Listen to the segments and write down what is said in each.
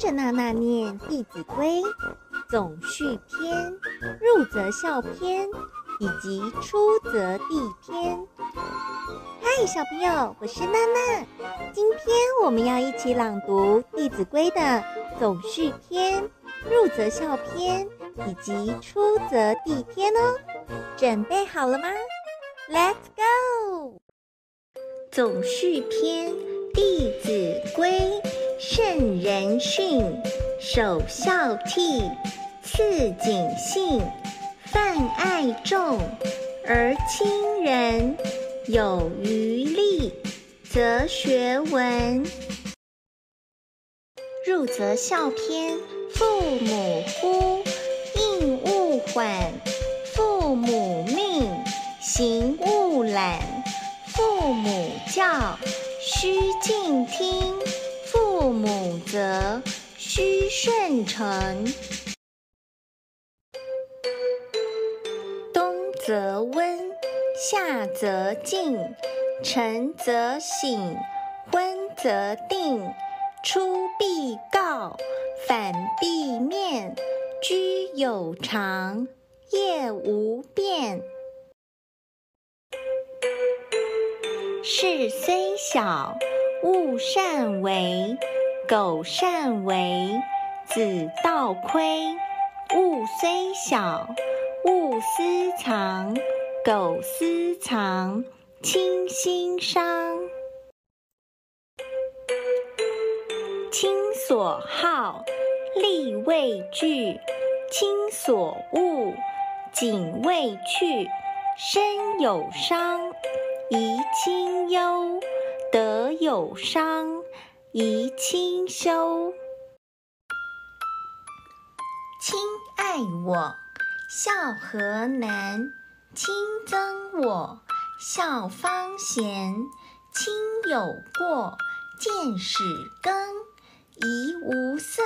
跟着娜娜念《弟子規》總序篇、入則孝篇以及出則弟篇。嗨，小朋友，我是娜娜，今天我們要一起朗讀《弟子規》的總序篇、入則孝篇以及出則弟篇哦。準備好了嗎？Let's go！總序篇《弟子規》。聖人訓，首孝悌，次謹信，泛愛眾，而親仁，有餘力，則學文。入則孝篇：父母呼，應勿緩；父母命，行勿懶；父母教，須敬。順承，冬則溫，夏則凊，晨則省，昏則定。出必告，反必面，居有常，業無變。事雖小，勿擅為，苟擅為。子道虧，物雖小，勿私藏，苟私藏，親心傷。親所好，力為具；親所惡，謹為去。身有傷，貽親憂；德有傷，貽親羞。親愛我，孝何難；親憎我，孝方賢。親有過，諫使更，怡吾色，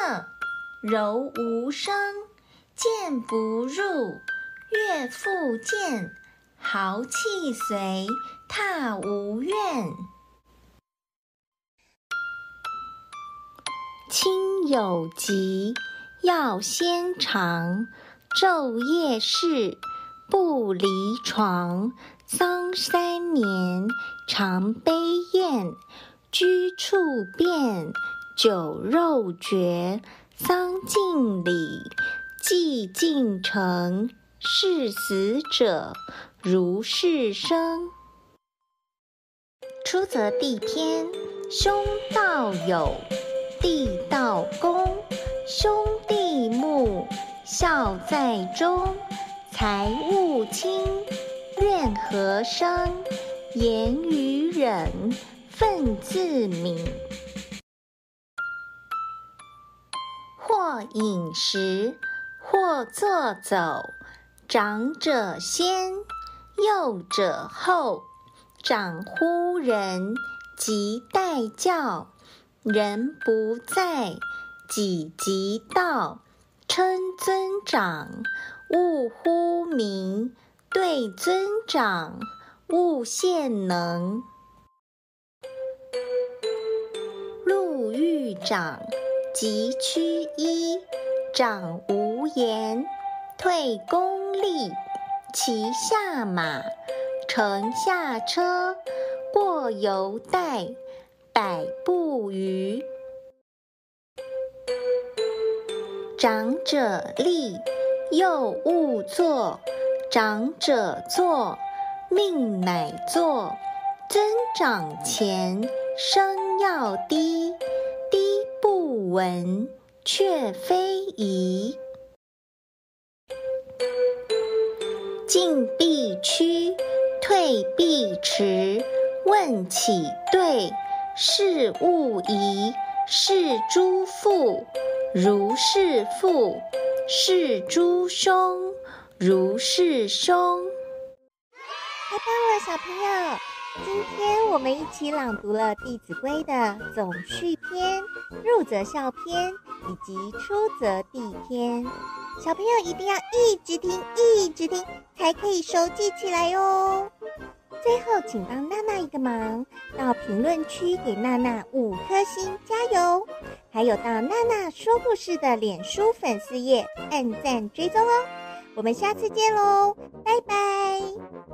柔吾聲。諫不入，悅復諫。號泣隨，撻無怨。親有疾，藥先嘗，晝夜侍，不離床。喪三年，常悲咽。居處變，酒肉絕。喪盡禮，祭盡誠。事死者，如事生。出則弟篇。兄道友，弟道恭。兄弟睦，孝在中。財物輕，怨何生？言語忍，忿自泯。或飲食，或坐走，長者先，幼者後。長呼人，即代叫；人不在。己即到，稱尊長，勿呼名；對尊長，勿見能。路遇長，疾趨揖；長無言，退恭立。騎下馬，乘下車，過猶待，百步餘。長者立，幼勿坐；長者坐，命乃坐。尊長前，聲要低，低不聞，卻非宜。進必趨，退必遲。問起對，視勿移。事諸父。如是父，是諸兄；如是兄，太棒了，小朋友！今天我們一起朗讀了《弟子規》的總序篇、入則孝篇以及出則弟篇。小朋友一定要一直聽，一直聽，才可以熟記起來喲、哦。最後，請幫娜娜一個忙，到評論區給娜娜五顆星，加油！還有，到娜娜說故事的臉書粉絲頁按贊追蹤哦。我們下次見嘍，拜拜。